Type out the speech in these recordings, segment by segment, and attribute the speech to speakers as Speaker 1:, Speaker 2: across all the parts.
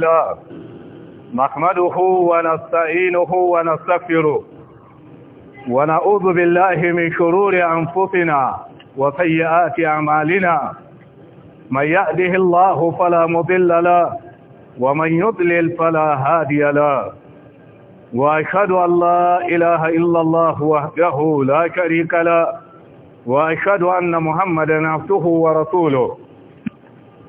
Speaker 1: الله نحمده ونستعينه ونستغفره ونعوذ بالله من شرور أنفسنا وسيئات أعمالنا من يأده الله فلا مضل له ومن يضلل فلا هادي له وأشهد أن لا إله إلا الله وحده لا شريك له وأشهد أن محمدا عبده ورسوله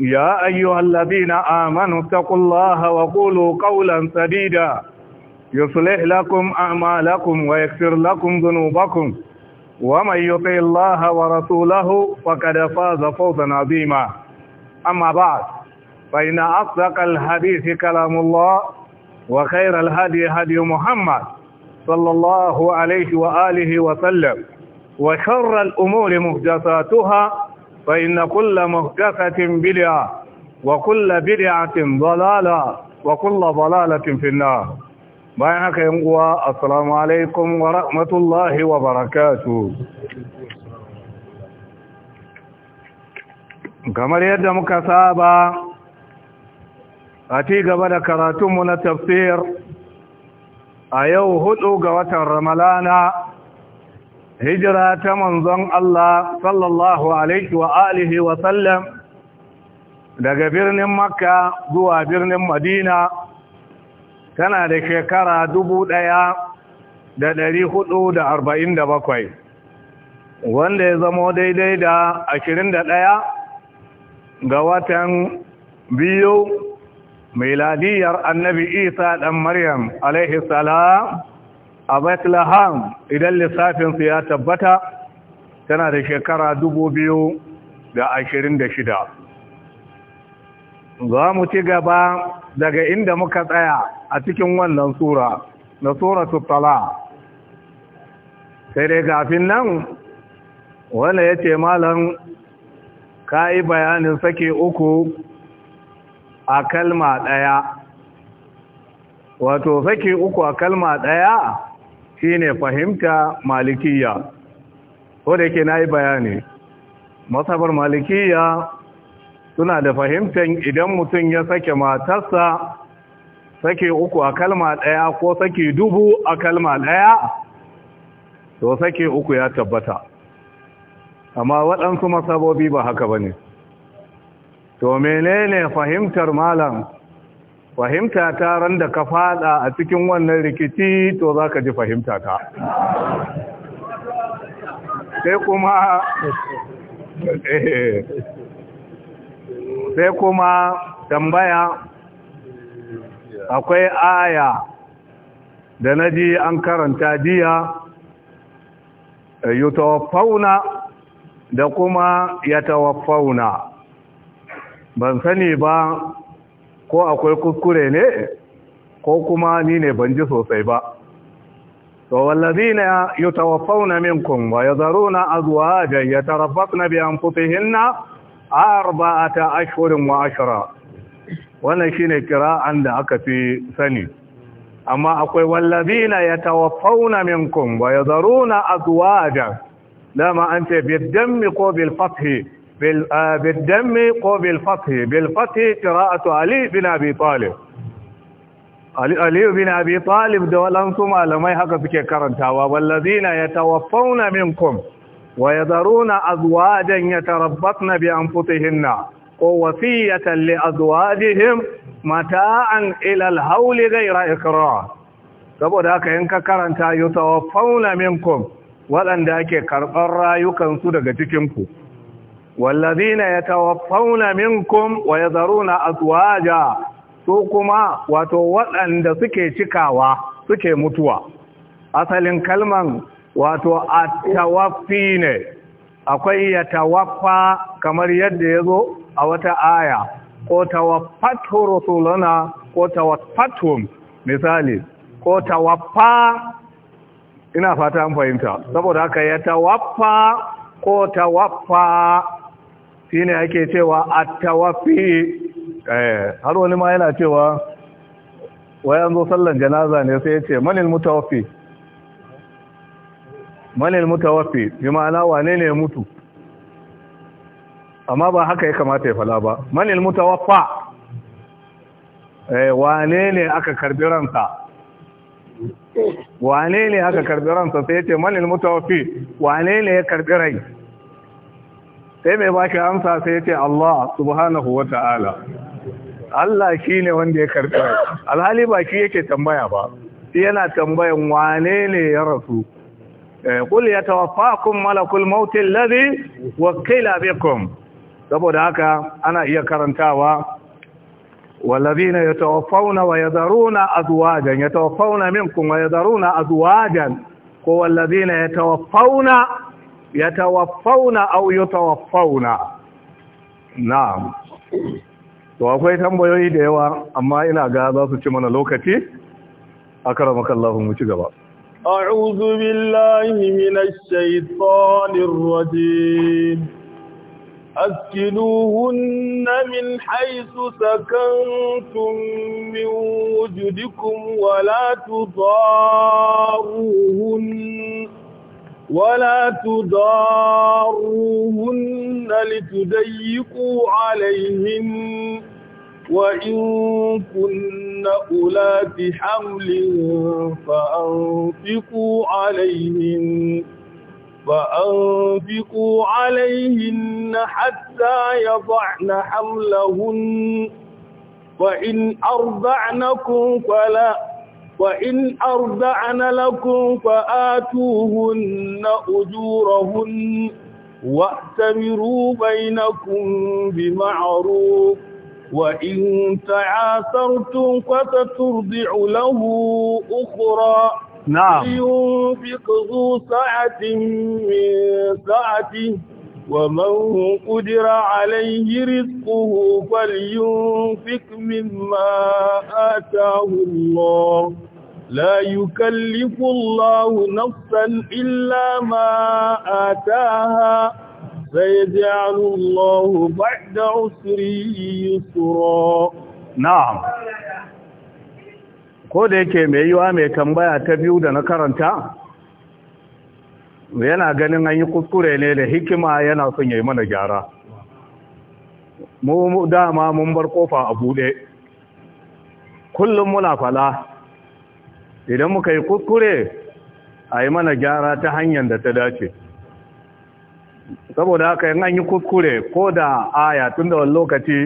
Speaker 1: يا أيها الذين آمنوا اتقوا الله وقولوا قولا سديدا يصلح لكم أعمالكم ويغفر لكم ذنوبكم ومن يطع الله ورسوله فقد فاز فوزا عظيما أما بعد فإن أصدق الحديث كلام الله وخير الهدي هدي محمد صلى الله عليه وآله وسلم وشر الأمور مهدساتها فإن كل مهجفة بلع وكل بلعة ضلالة وكل ضلالة في النار بيعك ينقوى السلام عليكم ورحمة الله وبركاته كما يد مكسابة أتيك بدا كراتم من أيوه هدوك وترملانا أيوه hijira ta manzon Allah sallallahu alaihi wa alihi wa sallam daga birnin makka zuwa birnin madina tana da shekara dubu ɗaya da ɗari hudu da arba'in da bakwai wanda ya zamo daidai da ashirin da ɗaya ga watan biyu miladiyar annabi isa ɗan maryam alaihi salam a bethlehem idan lissafinsu ya tabbata tana da shekara dubu biyu da ashirin da shida. za mu ci gaba daga inda muka tsaya a cikin wannan sura na suratu tuttala sai dai kafin nan wanda ya ce malam ka yi bayanin sake uku a kalma ɗaya wato sake uku a kalma ɗaya shine fahimta malikiya ko da yake nayi bayani masabar malikiya suna da fahimtar idan mutum ya sake matarsa sake uku a kalma ɗaya ko sake dubu a kalma ɗaya to sake uku ya tabbata amma waɗansu masabobi ba haka ba ne to menene fahimtar malam fahimta ta ran da ka fada a cikin wannan rikici to za ka ji fahimta ta sai kuma eh, sai kuma tambaya akwai aya da na ji an karanta jiya yutawaffauna da kuma yatawaffauna ban sani ba ko akwai kuskure ne ko kuma ni ne ban ji sosai ba to ya wallazina yatawaffawna minkum wa yazaruna azwajan yatarabbasna bi A ta ashirin wa ashira. wannan shine kira'an da aka fi sani amma akwai ya wallazina yatawaffawna minkum wa yazaruna azwajan dama an ce bi dammi ko bil fathi بالدم قو بالفتح بالفتح قراءة علي بن أبي طالب علي بن أبي طالب دولانكم على ما يحقق كرنتاوا والذين يتوفون منكم ويذرون أزواجا يتربطن بأنفسهن ووصية لأزواجهم متاعا إلى الهول غير إكراه saboda haka in ka karanta yutawaffauna minkum waɗanda ake karɓar rayukansu daga cikinku wallazina min minkum wa na azwaja su kuma wato waɗanda suke cikawa suke mutuwa asalin kalman wato atawaffi ne akwai yatawaffa kamar yadda yazo a wata aya ko tawaffatu rusuluna ko tawaffatum misali ko tawaffa ina fata an fahimta saboda haka ya tawaffa ko tawaffa ne ake cewa a tawafi? Eh, har wani ma yana cewa wa ya zo sallan janaza ne sai ya ce manil mutawafi manil mutawafi bi ma'ana wane ne mutu amma ba haka ya kamata ya fala ba manil mutawafa eh wane ne aka karbi ransa wane ne aka karbi ransa sai ya ce manil mutawafi wane ne ya karbi rai sai mai baki amsa sai ya ce Allah subhanahu wa ta'ala Allah shi ne wanda ya karɓi alhali ba shi yake tambaya ba shi yana tambayar wane ne ya rasu kul ya kun malakul mautin ladhi wakila bikum saboda haka ana iya karantawa ya Ya wa والذين يتوفون ويذرون أزواجا يتوفون منكم ko أزواجا ya الذين يتوفون yatawaffawna aw yatawaffawna na'am to akwai tambayoyi da yawa amma ina ga za su ci mana lokaci akramaka Allah mu ci gaba
Speaker 2: a'udhu billahi minash shaitanir rajim أسكنوهن من حيث سكنتم من وجدكم ولا تضاروهن ولا تضاروهن لتضيقوا عليهن وإن كن أولات حمل فأنفقوا عليهن فأنفقوا عليهن حتى يضعن حملهن وإن أرضعنكم فلا وإن أرضعن لكم فآتوهن أجورهن وأتمروا بينكم بمعروف وإن تعاثرتم فسترضع له أخرى نعم لينفق ذو سعة من سعته ومن قدر عليه رزقه فلينفق مما آتاه الله لا يكلف الله نفسا إلا ما آتاها سيجعل الله بعد عسر يسرا نعم
Speaker 1: ko da yake mai yiwa mai tambaya ta biyu da na karanta yana ganin an yi kuskure ne da hikima yana son ya yi mana gyara mu dama mun bar kofa a buɗe kullum muna fala idan muka yi kuskure a yi mana gyara ta hanyar da ta dace saboda haka yin an yi kuskure ko da aya tun da wani lokaci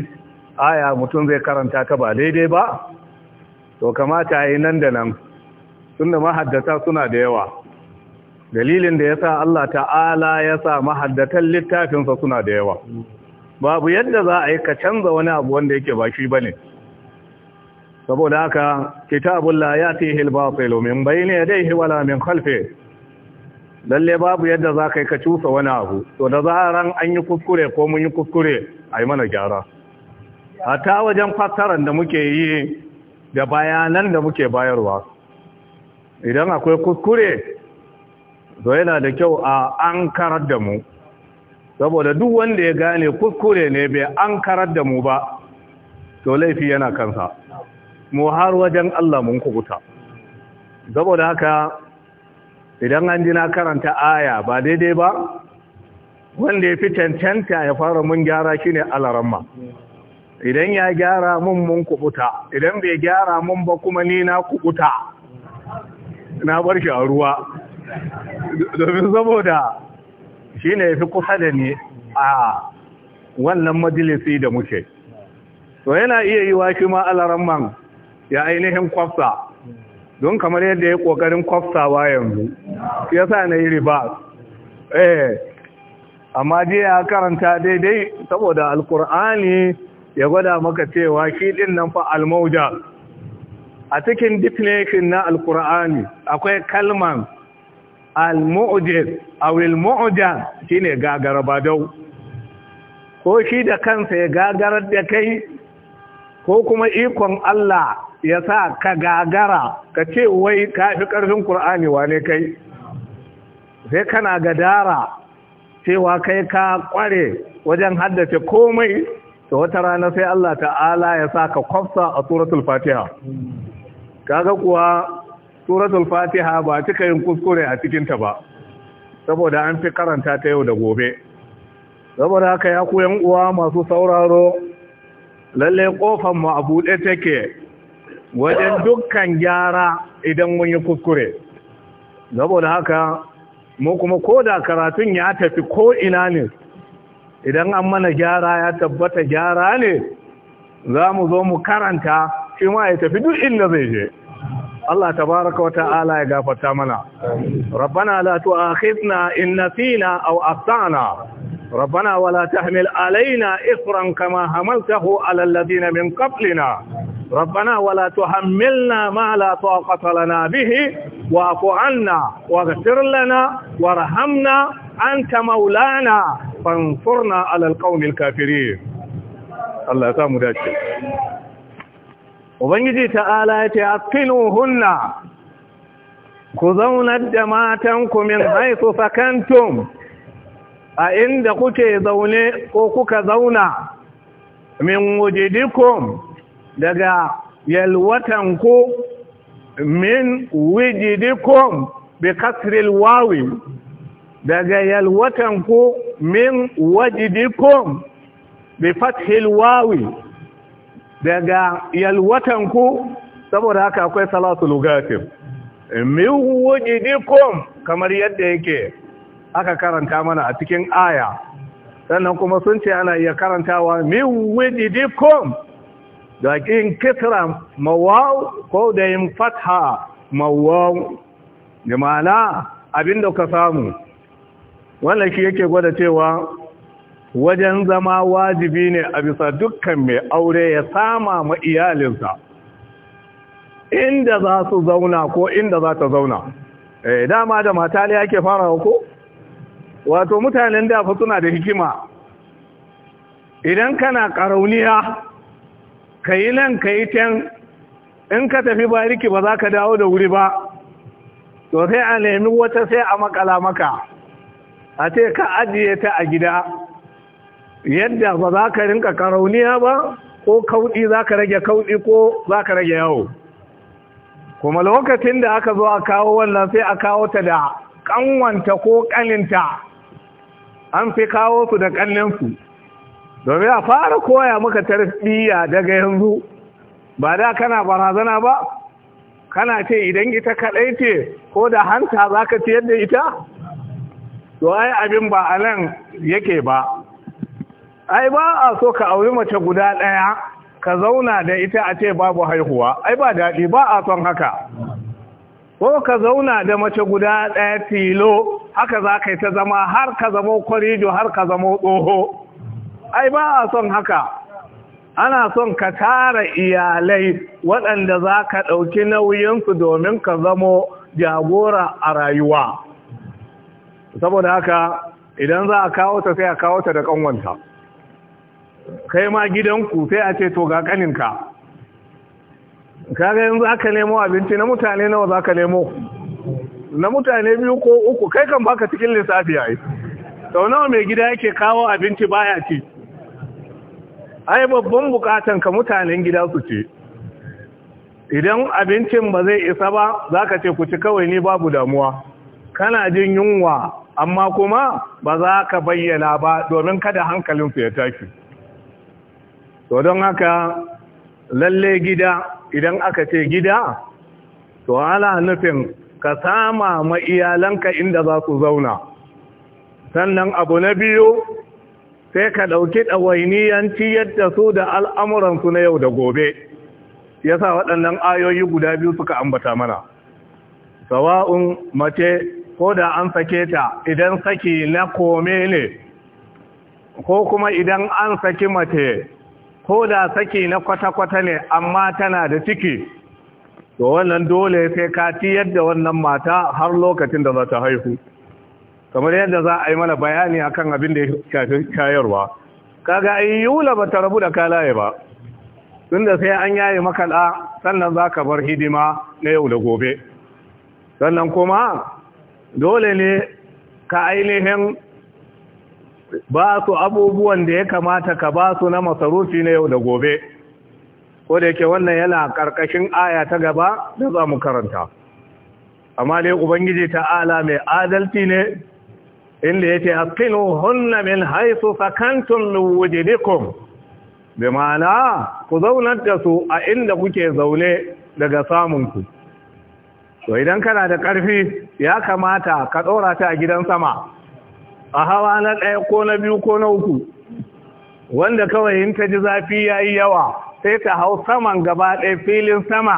Speaker 1: aya mutum zai karanta ta ba daidai ba to kamata a yi nan da nan tun da mahaddata suna da yawa dalilin da ya sa Allah ta'ala ya sa mahaddatan littafinsa suna da yawa babu yadda za a yi ka canza wani abu wanda yake ba shi ba ne saboda haka kitabullah yatihi al-batil min bayni yadayhi wala min khalfihi lalle babu yadda za ka yi ka cusa wani abu to da zaran an yi kuskure ko mun yi kuskure a yi mana gyara a wajen fassarar da muke yi da bayanan da muke bayarwa idan akwai kuskure to yana da kyau a an karar da mu saboda duk wanda ya gane kuskure ne bai an karar da mu ba to laifi yana kansa mu har wajen Allah mun kubuta saboda haka idan an ji na karanta aya ba daidai ba wanda ya fi cancanta ya fara mun gyara shine alaramma idan ya gyara mun mun kubuta idan bai gyara mun ba kuma ni na kubuta na bar shi a ruwa domin saboda shi ne ya fi kusa da ni a wannan majalisi da muke to yana iya yi wa shi ma alaramman ya ainihin kwafsa don kamar yadda ya kokarin kwafsawa yanzu ya sa na yi riba eh amma jiya ya karanta daidai saboda alkur'ani ya gwada maka cewa shi din nan fa almauja a cikin definition na alkur'ani akwai kalman al-mu'jiz aw shine gagara badau ko shi da kansa ya gagarar da kai ko kuma ikon Allah ya sa ka gagara ka ce wai ka fi ƙarfin ƙur'ani wane kai sai kana gadara cewa kai ka ƙware wajen haddace komai da wata rana sai Allah ta'ala ya sa ka kwafsa a suratul fatiha ga kuwa suratul fatiha ba cika yin kuskure a cikinta ba saboda an fi karanta ta yau da gobe saboda haka ya ku uwa masu sauraro lallai kofan mu a buɗe take wajen dukkan gyara idan mun yi kuskure saboda haka mu kuma ko da karatun ya tafi ko ina ne idan an mana gyara ya tabbata gyara ne za mu zo mu karanta shi ma ya tafi duk inda zai je Allah ta baraka wa ta'ala ya gafarta mana rabbana la tu'akhidna in nasina aw akhtana ربنا ولا تحمل alaina ifran kama حملته على الذين min قبلنا ربنا ولا تحملنا ما لا طاقة لنا به واعف عنا واغفر لنا وارحمنا أنت مولانا فانصرنا على القوم الكافرين الله يسامو داشي Ubangiji ta'ala ya ce, "Afinu hunna, ku zaunar da matanku min haisu sakantum a inda kuke zaune ko kuka zauna min wujidikum daga yalwatan ku min wujidikum bi kasril wawi daga yalwatan ku min wujidikum bi fathil wawi daga yalwatan ku saboda haka akwai salatu lugatin min wujidikum kamar yadda yake aka karanta mana a cikin aya sannan kuma sun ce ana iya karantawa min wujidikum da kin kisra ko da yin fatha mawaw da abin abinda ka samu wannan shi yake gwada cewa wajen zama wajibi ne a bisa dukkan mai aure ya sama ma iyalinsa inda za su zauna ko inda za ta zauna eh dama da mata ne yake farawa ko wato mutanen da fa suna da hikima idan kana karauniya ka yi nan ka yi can in ka tafi bariki ba za ka dawo da wuri ba to sai a nemi wata sai a makala maka a ce ka ajiye ta a gida yadda ba za ka rinka karauniya ba ko kauɗi za ka rage kauɗi ko za ka rage yawo kuma lokacin da aka zo a kawo wannan sai a kawo ta da ƙanwanta ko ƙaninta an fi kawo su da ƙanninsu domin a fara koya maka tarbiyya daga yanzu ba da kana barazana ba kana ce idan ita kaɗai ce ko da hanta za ka ciyar da ita to ai abin ba a nan yake ba ai ba a so ka auri mace guda ɗaya ka zauna da ita a ce babu haihuwa ai ba daɗi ba a son haka ko ka zauna da mace guda ɗaya tilo haka za ka yi ta zama har ka zama kwarido har ka zama tsoho ai ba a son haka ana son ka tara iyalai waɗanda za ka ɗauki nauyinsu domin ka zamo jagora a rayuwa saboda haka idan za a kawo ta sai a kawo ta da ƙanwanta kai ma gidanku sai a ce to ga ƙaninka kaga yanzu aka nemo abinci na mutane nawa za ka nemo na mutane biyu ko uku kai kan baka cikin lissafi yayi sau nawa mai gida yake kawo abinci baya ci ai babban bukatan ka mutanen gida su ce idan abincin ba zai isa ba za ka ce ku ci kawai ne babu damuwa kana jin yunwa amma kuma ba za ka bayyana ba domin kada hankalin su ya tashi to don haka lalle gida idan aka ce gida to ala nufin ka sama ma iyalanka inda za su zauna sannan abu na biyu sai ka ɗauki ɗawainiyanci yadda su da al'amuransu na yau da gobe ya sa waɗannan ayoyi guda biyu suka ambata mana sawa'un mace ko da an sake ta idan saki na kome ne ko kuma idan an saki mace ko da saki na kwata-kwata ne amma tana da ciki to wannan dole sai ka ciyar da wannan mata har lokacin da za ta haihu kamar yadda za a yi mana bayani a kan abin da ya shafi shayarwa kaga yula ba ta rabu da kalaye ba da sai an yaye makala sannan za ka bar hidima na yau da gobe sannan kuma dole ne ka ainihin ba su abubuwan da ya kamata ka ba su na masarufi na yau da gobe ko da yake wannan yana karkashin aya ta gaba da za mu karanta amma dai ubangiji ta'ala mai adalci ne inda yake hunna min haisu sakantum min wujudikum bi ma'ana ku zaunar da su a inda kuke zaune daga samun ku to idan kana da ƙarfi ya kamata ka ɗora ta a gidan sama a hawa na ɗaya ko na biyu ko na uku wanda kawai in ta ji zafi ya yi yawa sai ta hau saman gaba ɗaya filin sama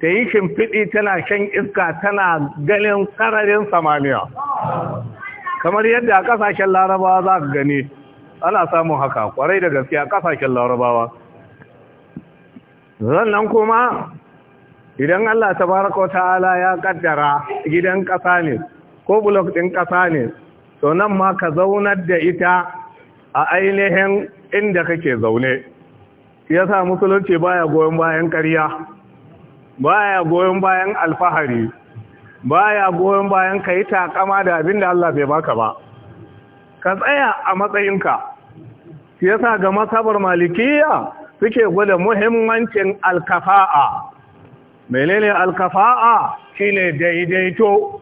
Speaker 1: ta yi shimfiɗi tana shan iska tana ganin sararin samaniya kamar yadda a kasashen larabawa za ka gani ana samun haka kwarai da gaske a kasashen larabawa zannan kuma idan Allah Ta tabaraka ta'ala ya kaddara gidan ƙasa ne ko blok ɗin ƙasa ne to nan ma ka zaunar da ita a ainihin inda kake zaune Ya sa musulunci baya goyon bayan ƙarya baya goyon bayan alfahari baya goyon bayan ka yi takama da abin da Allah bai baka ba ka tsaya a matsayinka shi yasa ga masabar malikiya suke gwada muhimmancin alkafa'a menene alkafa'a shine daidaito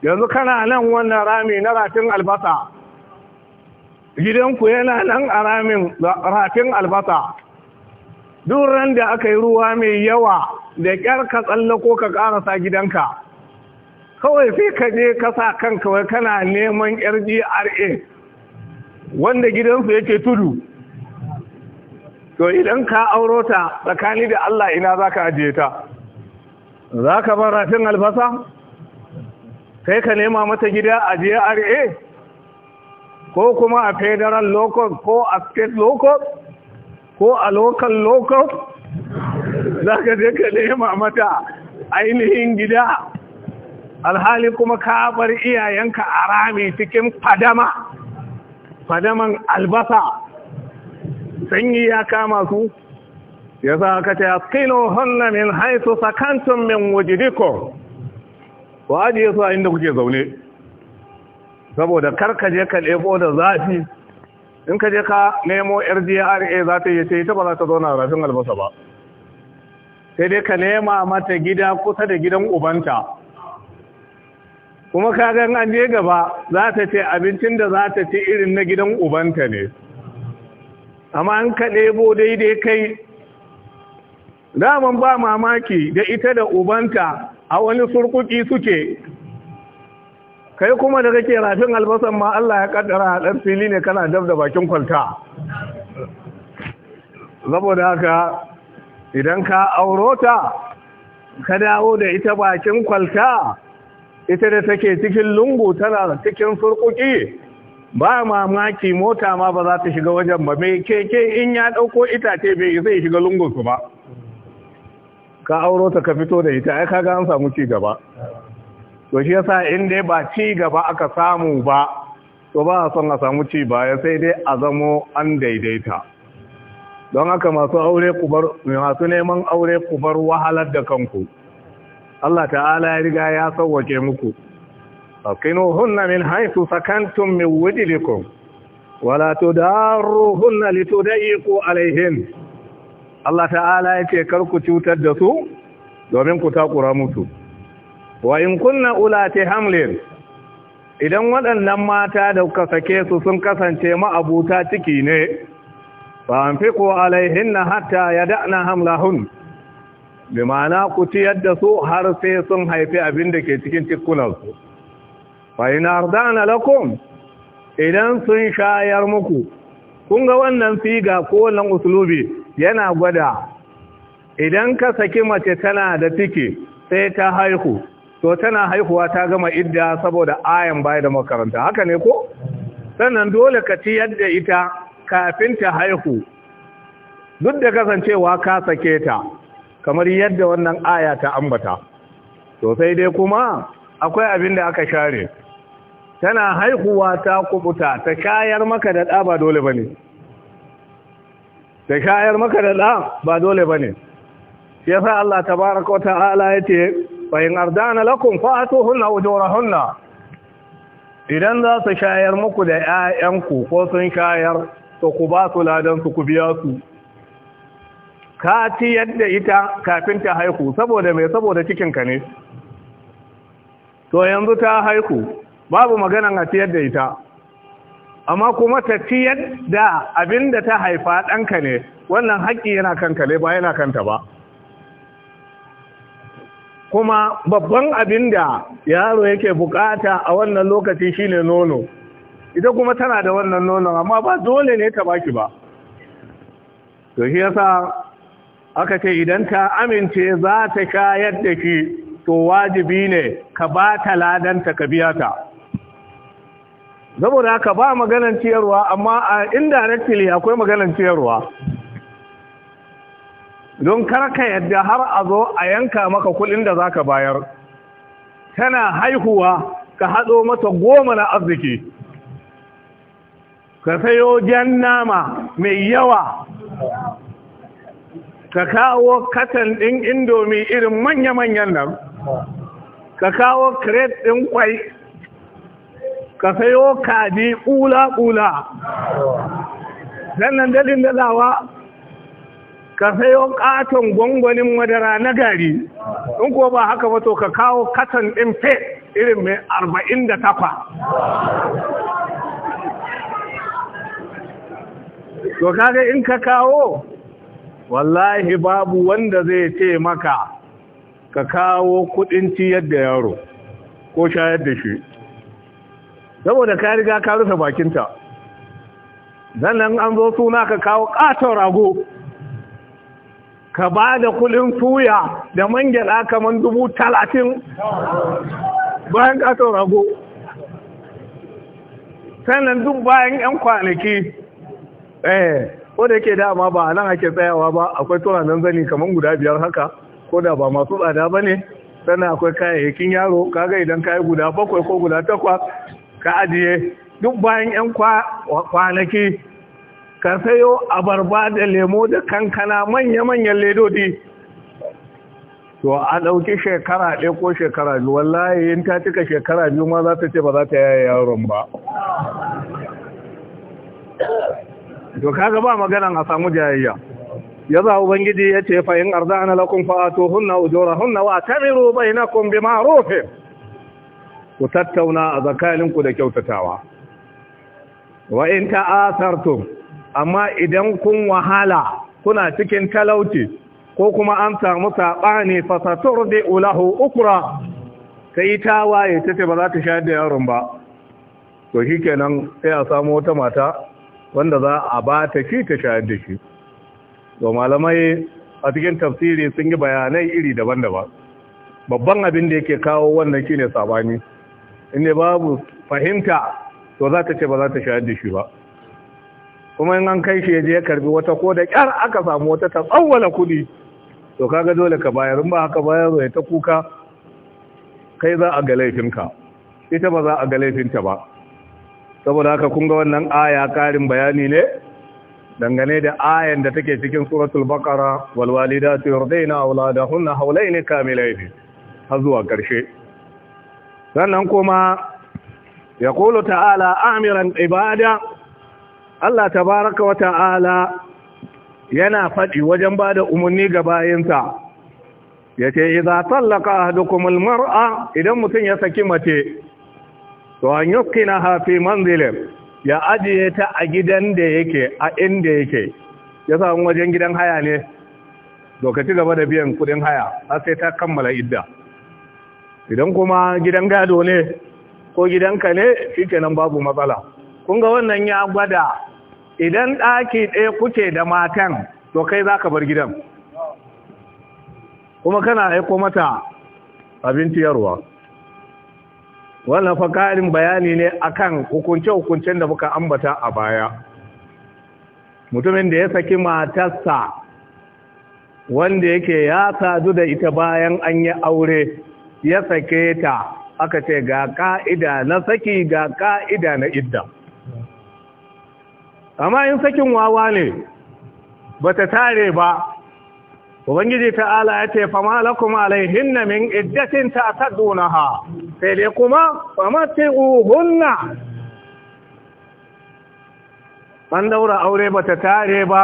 Speaker 1: yanzu kana nan wannan rami na ratin albasa gidanku yana nan a ramin ratin albasa duk ran da aka yi ruwa mai yawa da ƙyar ka tsallako ka ƙarasa gidanka kawai sai ka je ka sa kanka wai kana neman yar GRA wanda gidansu yake tudu to idan ka auro tsakani da Allah ina za ka ajiye ta za ka bar rafin albasa kai ka nema mata gida a GRA ko kuma a federal local ko a state local ko a local local za ka je ka nema mata ainihin gida alhali kuma ka bar iyayenka a rami cikin fadama fadaman albasa sanyi ya kama su ya za ka ya tsino hannu min haisu sakantun min wujidikon ba ajiye su a inda kuke zaune saboda karkaje ka lebo da zafi in ka je ka nemo rgra za ta yi ce ita ba za ta zauna rafin albasa ba sai dai ka nema mata gida kusa da gidan ubanta kuma kagan an je gaba za ta ce abincin da za ta ce irin na gidan ubanta ne amma an ka ɗebo daidai kai daman ba mamaki da ita da ubanta a wani surkuki suke kai kuma da kake rafin albasan ma Allah ya kaddara a ɗan fili ne kana dab da bakin kwalta saboda haka idan ka auro ta ka dawo da ita bakin kwalta ita da take cikin lungu tana cikin surkuki ba mamaki mota ma ba za ta shiga wajen ba mai keke in ya ɗauko itace bai isa ya shiga lungunsu ba ka auro ta ka fito da ita ai kaga an samu ci gaba to shi yasa in dai ba ci gaba aka samu ba to ba a son a samu ci baya sai dai a zamo an daidaita don haka masu aure kubar masu neman aure kubar wahalar da kanku Allah ta'ala ya riga ya sauwake muku hunna min haythu sakantum min wujudikum wala hunna litudayyiqu alaihin. Allah ta'ala yace kar ku cutar da su domin ku takura mutu. wa in kunna ulati hamlin idan waɗannan mata da kuka sake su sun kasance ma'abuta ciki ne fa anfiqu alaihinna hatta yada'na hamlahun bi ma'ana ku ciyar da su har sai sun haifi abin da ke cikin cikunansu fa in ardana lakum idan sun shayar muku kun ga wannan figa ko wannan uslubi yana gwada idan ka saki mace tana da ciki sai ta haihu to tana haihuwa ta gama idda saboda ayan baya da makaranta haka ne ko sannan dole ka ciyar da ita kafin ta haihu duk da kasancewa ka sake ta kamar yadda wannan aya ta ambata to sai dai kuma akwai abin da aka share tana haihuwa ta kubuta ta shayar maka da ɗa ba dole bane ta shayar maka da ɗa ba dole bane yasa Allah tabaraka wa ta'ala yace fa in ardana lakum fa'atuhunna ujurahunna idan za su shayar muku da 'ya'yanku ko sun shayar to ku ba su ladan su ku biya su ka ci yadda ita kafin ta haihu saboda mai saboda cikinka ne to yanzu ta haiku, babu maganan a ci yadda ita amma kuma ta ci yadda abinda ta haifa ɗanka ne wannan haƙƙi yana kanka ne ba yana kanta ba kuma babban abin da yaro yake bukata a wannan lokaci shine nono ita kuma tana da wannan nono amma ba dole ne ta baki ba to shi yasa aka ce idan ka amince za ta shayar da ke, to wajibi ne ka ba ta ladanta ka biya ta saboda ka ba maganan ciyarwa amma a indirectly akwai maganan ciyarwa don karka yadda har a zo a yanka maka kudin da za ka bayar tana haihuwa ka haɗo mata goma na arziki ka sayo jan nama mai yawa ka kawo katan ɗin indomi irin manya-manyan nan ka kawo kret ɗin kwai ka sayo kadi ƙula-ƙula sannan dalin dalawa ka sayo ƙaton gwangwanin madara na gari in kuwa ba haka ba to ka kawo katan ɗin fe irin mai arba'in da takwa to kaga in ka kawo wallahi babu wanda zai ce maka ka kawo kudin ciyar da yaro ko shayar da shi saboda ka riga ka rufe bakinta dan nan an zo suna ka kawo katon rago ka ba da kudin suya da man kaman dubu talatin bayan katon rago sannan duk bayan 'yan kwanaki eh ko yake dama ba nan ake tsayawa ba akwai nan zani kamar guda biyar haka ko da ba masu tsada ba ne sannan akwai kayayyakin yaro kaga idan kayi guda bakwai ko guda takwas ka ajiye duk bayan yan kwanaki ka sayo abarba da lemo da kankana manya-manyan ledodi to a ɗauki shekara ɗaya ko shekara biyu wallahi in ta cika shekara biyu ma za ta ce ba za ta yaya yaron ba to kaga ba maganan a samu jayayya ya za ubangiji ya ce fa'in ana lakun fa'ato hunna ujora hunna wa tamiru bai na kumbi rufe ku tattauna a zakalinku da kyautatawa wa in ta'asartum amma idan kun wahala kuna cikin talauci ko kuma an samu saɓani fasatur da ulahu ukura ta yi tawaye ta ce ba za ta shayar da yaron ba to shi kenan sai a samu wata mata wanda za a ba ta shi ta shayar da shi to malamai a cikin tafsiri sun yi bayanai iri daban-daban babban abin da yake kawo wannan shine sabani inda babu fahimta to za ta ce ba za ta shayar da shi ba kuma in an kai shi je ya karbi wata ko da kyar aka samu wata ta tsawwala kudi to kaga dole ka bayar in ba haka bayar ya ta kuka kai za a ga laifinka ita ba za a ga laifinta ba saboda haka kun ga wannan aya karin bayani ne dangane da ayan da take cikin suratul baqara wal walidatu yurdina auladahunna hawlayni kamilayn har zuwa karshe sannan kuma yaqulu ta'ala amiran ibada Allah tabaaraka wa ta'ala yana faɗi wajen bada umurni ga bayinsa yace idza tallaqa ahadukum mar'a idan mutum ya saki mace to an na hafi manzilin ya ajiye ta a gidan da yake a inda yake ya samu wajen gidan haya ne lokaci gaba da biyan kudin haya a sai ta kammala idda idan kuma gidan gado ne ko gidanka ne shi nan babu matsala kun wannan ya gwada idan ɗaki ɗaya kuke da matan to kai za ka bar gidan kuma kana aiko mata abin ciyarwa wannan fa ƙarin bayani ne akan hukunce-hukuncen da muka ambata a baya mutumin da ya saki matarsa wanda yake ya sadu da ita bayan an yi aure ya sake ta aka ce ga ka'ida na saki ga ka'ida na idda amma in sakin wawa ne ba ta tare ba ubangiji ta'ala ya ce fa lakum alaihinna min iddatin kadunaha. sai dai kuma famati uhunna an daura aure ba ta tare ba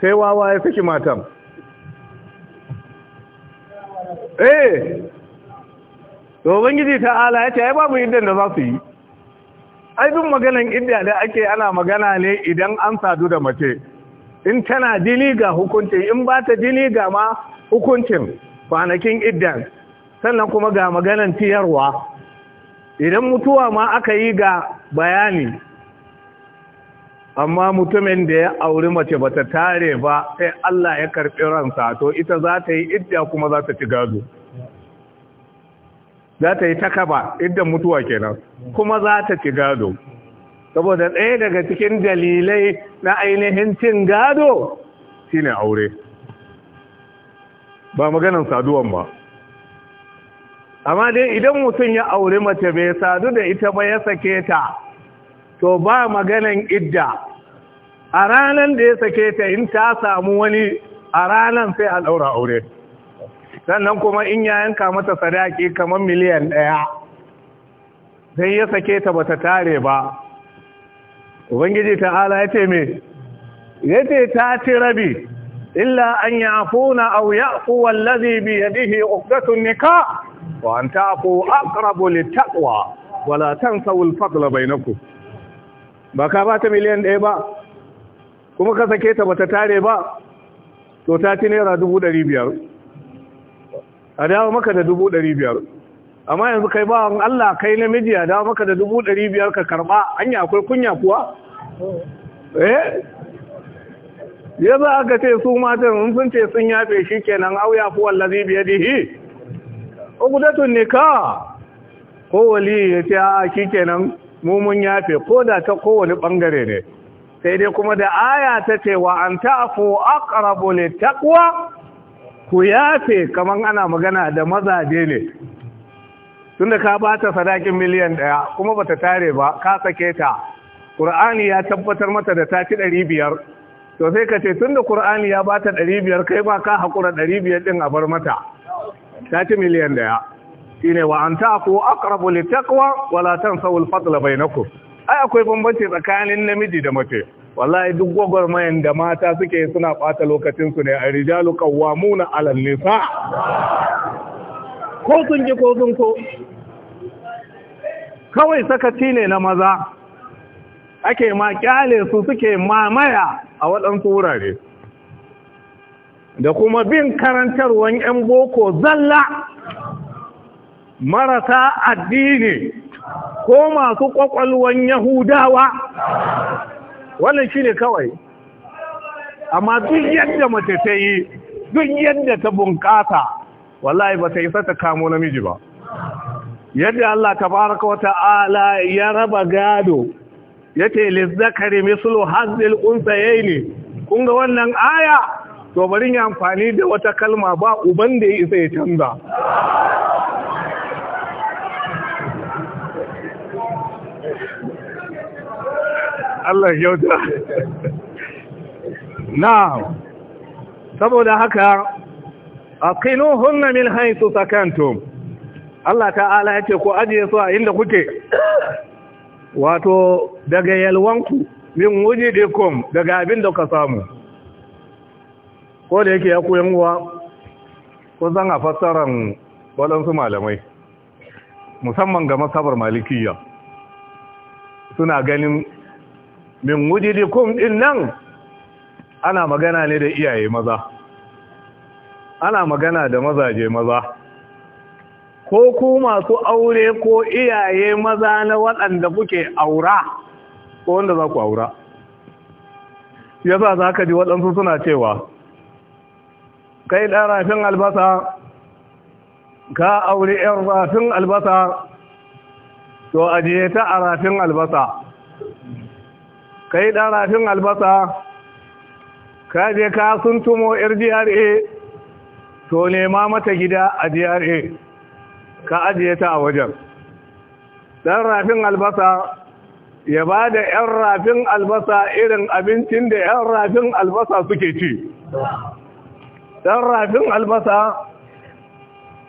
Speaker 1: sai wawa ya saki matan eh to ta ala ya ce ai babu idon da za su yi ai duk maganan idda da ake ana magana ne idan an sadu da mace in tana jini ga hukuncin in ba ta dili ga ma hukuncin kwanakin idan sannan kuma ga maganan ciyarwa, idan mutuwa ma aka yi ga bayani amma mutumin da ya auri mace ba ta tare ba sai Allah ya karɓi ransa to ita za ta yi idda kuma za ta ci gado za ta yi takaba idda mutuwa kenan kuma za ta ci gado saboda ɗaya daga cikin dalilai na ainihin cin gado shine aure ba maganan saduwan ba amma dai idan mutum ya auri mace bai sadu da ita ba ya sake ta to ba maganan idda a ranar da ya sake ta in ta samu wani a ranar sai a ɗaura aure sannan kuma in ya yanka mata sadaki kamar miliyan ɗaya sai ya sake ta ba ta tare ba ubangiji ta'ala ya ce me ya ce ta ci rabi illa an ya'funa aw ya'fu wallazi bi yadihi uqdatun nikah wa an taqu aqrabu littaqwa wala tansaw al-fadl bainakum ba ka ba ta miliyan ɗaya ba kuma ka sake ta ba ta tare ba to ta ci naira dubu ɗari biyar a dawo maka da dubu ɗari biyar amma yanzu kai wa Allah kai namiji a dawo maka da dubu ɗari biyar ka karɓa Hanya akwai kunya kuwa eh ya za aka ce su matan sun ce sun yafe shi kenan auya kuwa fi wallazi biyadihi uqdatun nikah ko wali ya ce a shikenan mu mun yafe ko da ta kowane bangare ne sai dai kuma da aya ta ce wa an ta'fu aqrabu littaqwa ku yafe kaman ana magana da mazaje ne tunda ka bata sadakin miliyan ɗaya kuma bata tare ba ka sake ta Qur'ani ya tabbatar mata da ta ci ɗari biyar, to sai ka ce tun da Qur'ani ya ba ta ɗari biyar kai ma ka haƙura ɗari biyar ɗin a bar mata. ta miliyan daya shine wa an taqu aqrabu littaqwa wa la tansaw fadl bainakum ai akwai bambanci tsakanin namiji da mace wallahi duk gwagwarmayan da mata suke suna bata lokacin su ne a rijalu qawwamuna 'ala nisa
Speaker 3: ko sun ji ko sun ko
Speaker 1: kawai sakaci ne na maza ake ma kyale su suke mamaya a waɗansu wurare da kuma bin karantarwan 'yan boko zalla marasa addini ko masu ƙwaƙwalwar yahudawa wannan shi ne kawai amma duk yadda mace ta yi duk yadda ta bunƙasa wallahi ba ta yi sata kamo namiji ba yadda Allah ta baraka wata ala ya raba gado ya ce lizzakari mislu hazil unsa ne kun wannan aya to bari ya amfani da wata kalma ba uban da ya isa ya canza Allah yauta na saboda haka aqinuhunna min haythu sakantum Allah ta'ala ce ku ajiye su a inda kuke wato daga yalwanku min wujidikum daga abin da ka samu ko da yake ya koyan uwa kusan a fassarar waɗansu malamai musamman ga masabar malikiya suna ganin min wujidikum din nan ana magana ne da iyaye maza ana magana da mazaje maza ko ku masu aure ko iyaye maza na waɗanda kuke aura ko wanda za ku aura yasa za ka ji waɗansu suna cewa kai ɗan rafin albasa ka aure ɗan rafin albasa to ajiye ta a rafin albasa kai ɗan rafin albasa ka je ka sun tumo ‘yar GRA to nema mata gida a GRA ka ajiye ta a wajen ɗan rafin albasa ya ba da ‘yan rafin albasa irin abincin da ‘yan rafin albasa suke ci ɗan rafin albasa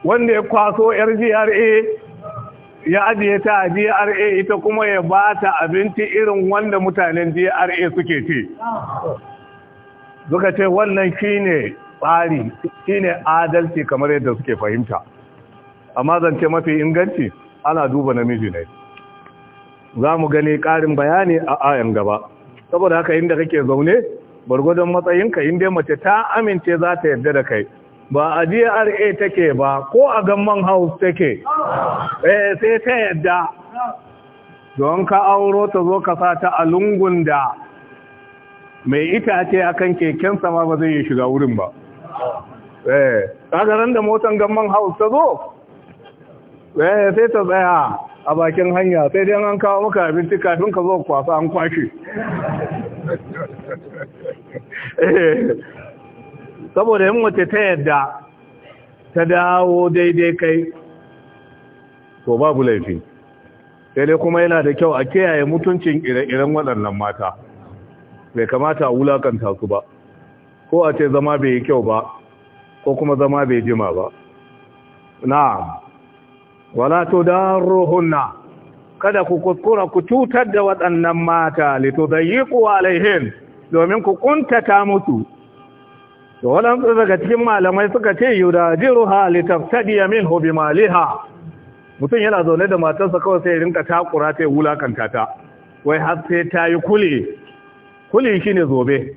Speaker 1: wanda ya kwaso yar GRA ya ajiye ta a GRA ita kuma ya ba ta abinci irin wanda mutanen GRA suke ce. Suka ce wannan shi ne tsari, shi adalci kamar yadda suke fahimta. Amma zance mafi inganci ana duba namiji ne. Za mu gani ƙarin bayani a ayan gaba. Saboda haka inda kake zaune, gwargwadon matsayinka inda mace ta amince za ta yarda da kai ba a GRA take ba ko a gamman house take eh sai ta yadda don ka auro ta zo ka ta a lungun da mai itace kan keken sama ba zai shiga wurin ba eh ran da motan gamman house ta zo eh sai ta tsaya a bakin hanya sai dai an kawo maka abinci kafin ka zo kwasa an kwashe
Speaker 3: Eh.
Speaker 1: saboda yin wace ta yadda ta dawo daidai kai to babu laifi sai kuma yana da kyau a kiyaye mutuncin ire-iren waɗannan mata bai kamata a wulakanta su ba ko a ce zama bai yi kyau ba ko kuma zama bai jima ba na wala to don rohunna kada ku kuskura ku cutar da waɗannan mata lito zai yi kuwa alaihin domin ku kuntata musu da waɗansu daga cikin malamai suka ce ya min hobi maliha. mutum yana zaune da matarsa kawai sai rinka takura ta wulakanta ta wai har sai ta yi kuli kuli shine zobe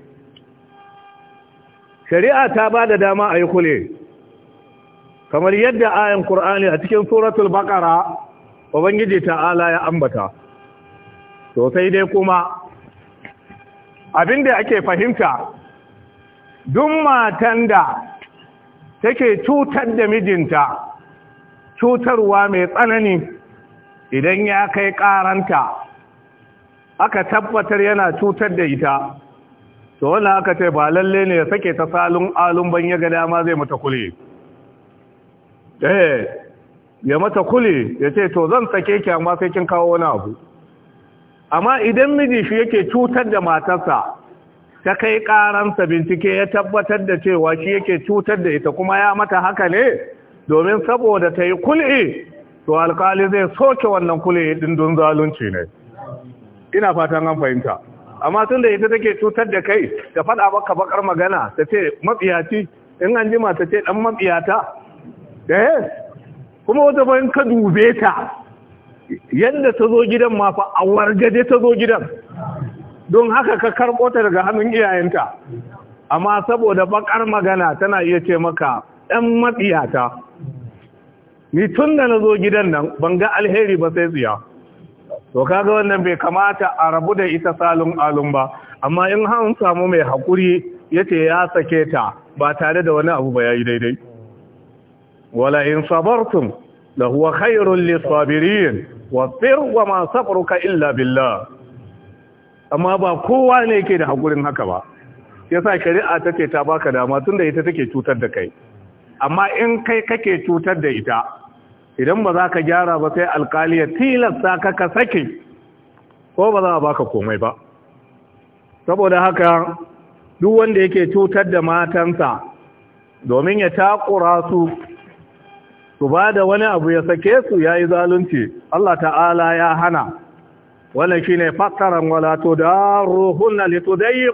Speaker 1: shari'a ta ba da dama a yi kuli kamar yadda ayan Kur'ani a cikin suratul baqara ubangiji ta'ala ya ambata to sai dai kuma abin da ake fahimta duk matan da take cutar da mijinta cutarwa mai tsanani idan ya kai karanta aka tabbatar yana cutar da ita to wanda aka ce ba lalle ne ya sake ta salun alun ban ya ga dama zai mata kule eh ya mata kule ya ce to zan sake ki amma sai kin kawo wani abu amma idan miji shi yake cutar da matarsa ta kai karansa bincike ya tabbatar da cewa shi yake cutar da ita kuma ya mata haka ne domin saboda ta yi kul'i to alkali zai soke wannan kul'i dindin zalunci ne ina fatan an fahimta amma tun da ita take cutar da kai ta faɗa baka bakar magana ta ce matsiyaci in an jima ta ce dan mabiyata eh kuma wata bayan ka dube ta yadda ta zo gidan ma fa a wargade ta zo gidan don haka ka karɓo ta daga hannun iyayenta amma saboda bakar magana tana iya ce maka ɗan matsiyata ni tun da na zo gidan nan ban ga alheri ba sai tsiya to kaga wannan bai kamata a rabu da ita salon alun ba amma in an samu mai haƙuri ya ce ya sake ta ba tare da wani abu ba ya yi daidai wala in sabartum la huwa khairul lisabirin wa fir wa ma safaruka illa billah amma ba kowa ne yake da hakurin haka ba yasa shari'a ce ta baka dama tunda ita take cutar da kai amma in kai kake cutar da ita idan ba za ka gyara ba sai alkali ya tilasta ka ka sake ko ba za a baka komai ba saboda haka duk wanda yake cutar da matansa domin ya takura su su ba da wani abu ya sake su ya yi zalunci Allah ta'ala ya hana wannan shi ne walato da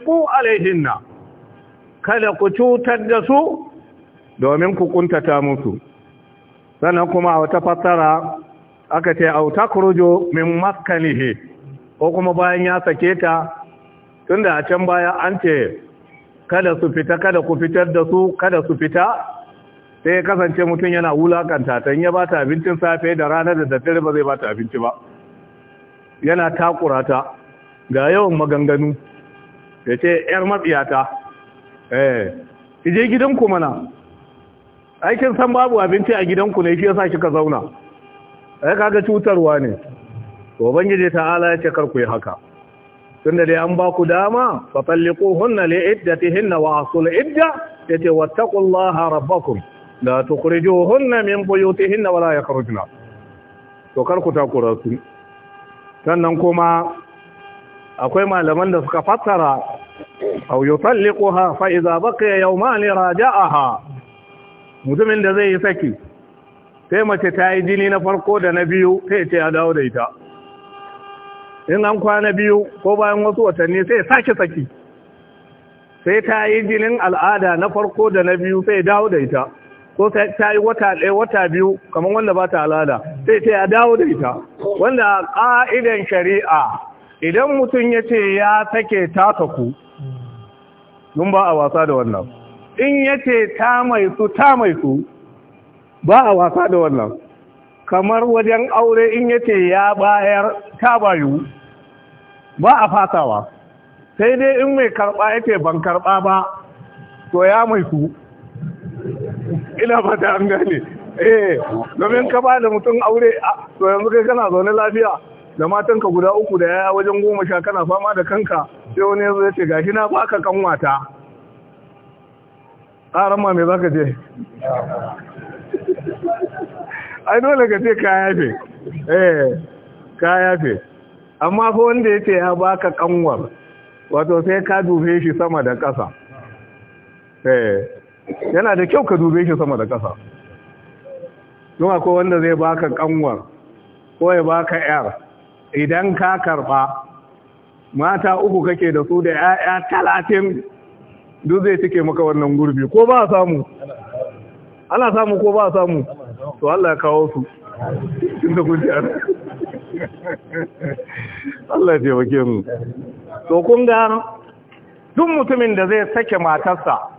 Speaker 1: ku alaihin na kada ku cutar da su domin ku kuntata musu sannan kuma a wata fassara aka ce a auta kurujo min maskanihe ko kuma bayan ya sake ta tunda a can baya an ce kada su fita kada ku fitar da su kada su fita sai ya kasance mutum yana wulakanta ta in ya ta abincin safe da ranar da daddare ba zai bata abinci ba yana takura ta ga yawan maganganu ya ce yar matsiyata eh ije gidanku mana aikin san babu abinci a gidanku ne shi ya sa kika zauna ai kaga cutarwa ne to ubangiji ta'ala ya ce karku yi haka tunda dai an ba ku dama fa talliquhunna li iddatihinna wa asul idda yace wattaqullaha rabbakum la tukhrijuhunna min buyutihinna wala yakhrujna to kar ku takura su sannan kuma akwai malaman da suka fassara aw yutalliquha fa idza baqiya yawman raja'aha mutumin da zai yi saki sai mace ta yi jini na farko da na biyu sai ce ya dawo da ita in an kwana biyu ko bayan wasu watanni sai sake saki sai ta yi jinin al'ada na farko da na biyu sai dawo da ita ko ta yi wata ɗaya wata biyu kamar wanda ba ta al'ada sai ta ya dawo da ita wanda a ƙa'idan shari'a idan mutum ya ce ya sake ta ku ba a wasa da wannan in ya ce ta mai su ta mai su ba a wasa da wannan kamar wajen aure in ya ce ya bayar ta bayu ba a fasawa sai dai in mai karɓa ya ce ban karɓa ba to ya mai su ina fata an gane eh domin ka ba da mutum aure to yanzu kai kana zaune lafiya da matanka guda uku da yaya wajen goma sha kana fama da kanka sai wani yanzu ya ce gashi na baka kanwata ƙaran ma me ka je
Speaker 3: ai dole ka ce ka yafe
Speaker 1: eh ka yafe amma fa wanda ya ce ya baka kanwar wato sai ka dufe shi sama da ƙasa eh yana da kyau ka dube shi sama da ƙasa don akwai wanda zai baka ƙanwar, ko ya baka yar idan ka karba mata uku kake da su da 'ya'ya talatin duk zai cike maka wannan gurbi ko ba samu ana samu ko ba samu to Allah ya kawo su inda kun ji
Speaker 2: Allah ya taimake mu to kun ga duk
Speaker 1: mutumin da zai sake matarsa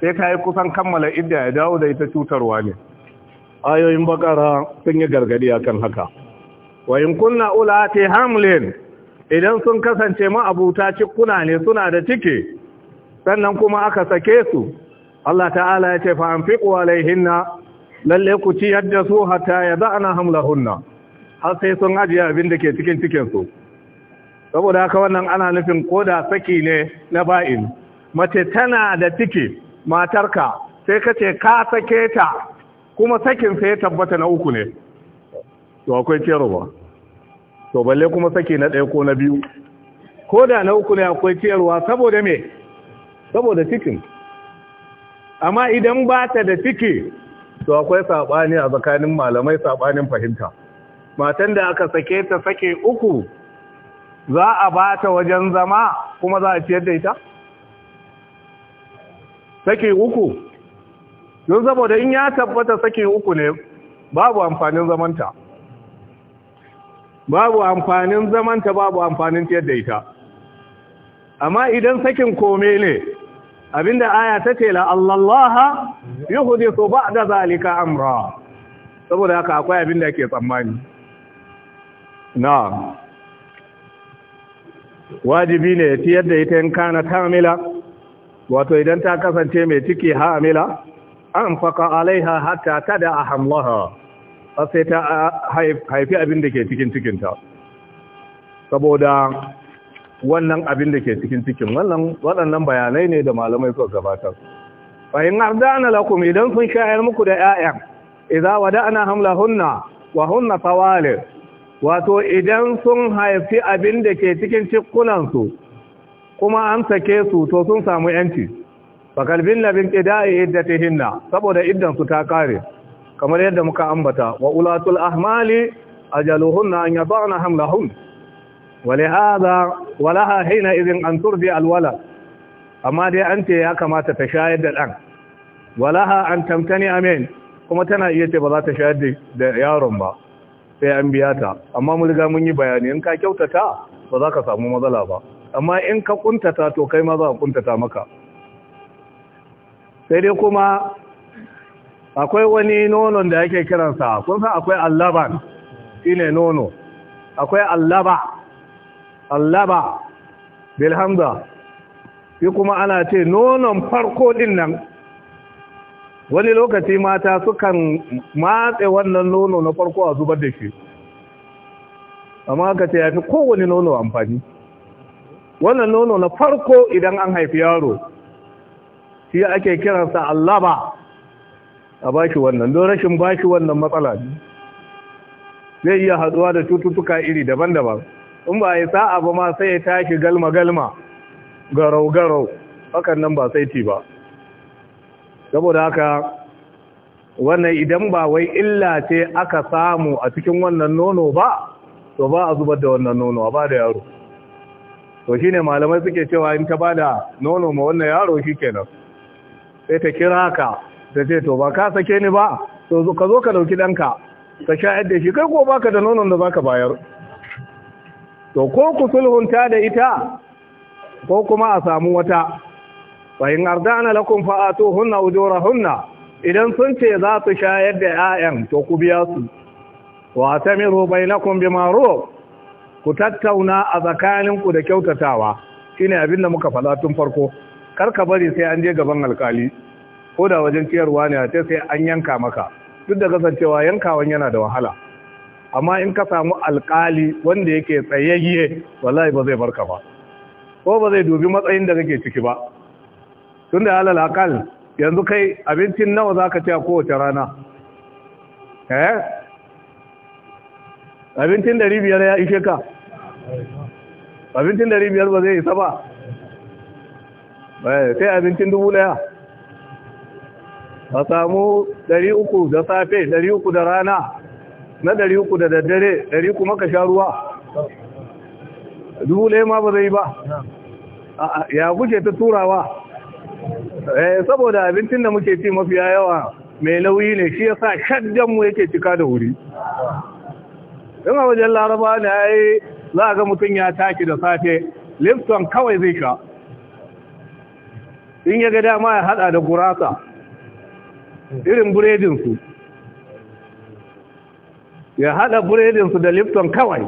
Speaker 1: sai ta yi kusan kammala idda ya dawo da ita cutarwa ne ayoyin bakara sun yi gargadi kan haka wa in kunna ulati hamlin idan sun kasance ma'abuta cikuna ne suna da cike sannan kuma aka sake su Allah ta'ala ya ce fa anfiqu alaihinna lalle ku ci yadda su hatta yada'na hamlahunna har sai sun ajiye abin da ke cikin cikin su saboda haka wannan ana nufin koda saki ne na ba'in mace tana da ciki matarka sai ka ce ka sake ta kuma sakin sai ya tabbata na uku ne to akwai ciyarwa to balle kuma saki na ɗaya ko na biyu ko da na uku ne akwai ciyarwa saboda me saboda cikin amma idan ba ta da ciki to akwai saɓani a tsakanin malamai saɓanin fahimta matan da aka sake ta sake uku za a ba ta wajen zama kuma za a ciyar da ita? sake uku don saboda in ya tabbata saki uku ne babu amfanin zamanta babu amfanin zamanta babu amfanin tiyar da ita amma idan sakin kome ne abinda aya ta ce la yuhdi su ba'da zalika amra saboda haka akwai abinda ke tsammani na wajibi ne ci da ita in kana kamila wato idan ta kasance mai ciki hamila an faka alaiha hatta tada a hamlaha sai ta haifi abin da ke cikin cikinta saboda wannan abin da ke cikin cikin waɗannan bayanai ne da malamai suka gabatar fahim ardana lakum idan sun shayar muku da 'ya'yan idza wada'na hamlahunna wa hunna fawalid wato idan sun haifi abin da ke cikin cikunansu kuma an sake su to sun samu yanci bakalbin labin ƙida'i iddatihin hinna saboda su ta kare kamar yadda muka ambata wa ulatul ahmali a na an yi ba na hamlahun wale ha haina izin an al alwala amma dai an ce ya kamata ta shayar da ɗan wale ha an tamtani amen kuma tana iya ce ba za ta shayar da yaron ba sai an biya ta amma mulga mun yi bayani in ka kyautata ba za ka samu matsala ba amma in ka kuntata to kai ma za a kuntata maka sai dai kuma akwai wani nonon da yake kiransa kun san akwai allaban shine nono akwai allaba allaba bilhamza shi kuma ana ce nonon farko din nan wani lokaci mata sukan matse wannan nono na farko a zubar da shi amma ka ce ya fi kowane nono amfani wannan nono na farko idan an haifi yaro shi ake kiransa allaba a bashi wannan don rashin bashi wannan matsala ne zai iya haduwa da cututtuka iri daban-daban in ba yi sa'a ba ma sai ya tashi galma-galma garau-garau hakan nan ba sai ti ba saboda haka wannan idan ba wai illa ce aka samu a cikin wannan nono ba to ba a zubar da wannan nono a ba da yaro to shi ne malamai suke cewa in ta bada nono ma wannan yaro shi kenan. sai ta kira ka ta ce to ba ka sake ni ba to ka zo ka dauki ɗanka. ka shayar da shi kai ko baka da nonon da zaka bayar to ko ku sulhunta da ita ko kuma a samu wata fa in ardana lakum fa atuhunna ujurahunna idan sun ce za su shayar da 'ya'yan to ku biya su wa tamiru bainakum bi maro? ku tattauna a tsakaninku da kyautatawa shine abin da muka faɗa tun farko kar ka bari sai an je gaban alkali ko da wajen ciyarwa ne a ce sai an yanka maka duk da kasancewa yankawan yana da wahala amma in ka samu alkali wanda yake tsayayye wallahi ba zai barka ba ko ba zai dubi matsayin da kake ciki ba tun da halal akal yanzu kai abincin nawa za ka ci a kowace rana eh abincin ɗari biyar ya ishe ka abincin dari biyar ba zai isa ba eh, sai abincin dubu daya a samu dari uku da safe dari uku da rana na dari uku da daddare dari kuma ka sha ruwa dubu daya ma ba zai ba ya kuke ta turawa eh, saboda abincin da muke ci mafiya yawa mai nauyi ne shi yasa shaddanmu yake cika da wuri in a wajen laraba ne ya yi za a ga mutum ya tashi da safe lifton kawai zai sha in ya ga dama ya hada da gurasa irin
Speaker 2: buredinsu
Speaker 1: ya hada buredinsu da lifton kawai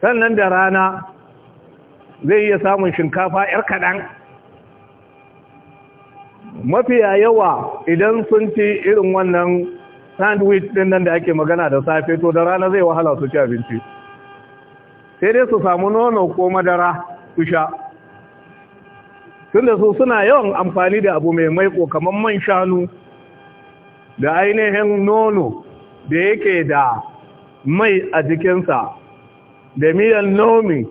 Speaker 1: sannan da rana zai iya samun shinkafa 'yar kaɗan mafiya yawa idan sun ci irin wannan sandwich ɗin nan da ake magana da safe to da rana zai wahala su ci abinci sai dai su samu nono ko madara su sha tunda su suna yawan amfani da abu mai maiko kamar man shanu da ainihin nono da yake da mai a jikinsa da miyan nomi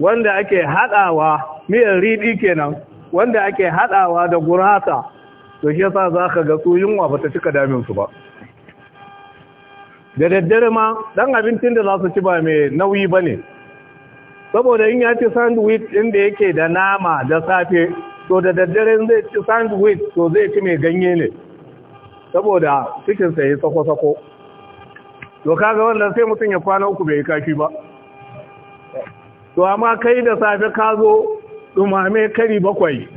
Speaker 1: wanda ake haɗawa miyan riɗi kenan wanda ake haɗawa da gurasa to shi yasa za ka ga su yunwa ba ta cika su ba da daddare ma ɗan abincin da za su ci ba mai nauyi ba ne saboda in ya ci sandwich inda yake da nama da safe to da daddare zai ci sandwich to zai ci mai ganye ne saboda cikinsa ya sako-sako to kaga wannan sai mutum ya kwana uku bai kafi ba to amma kai da safe ka zo dumame kari bakwai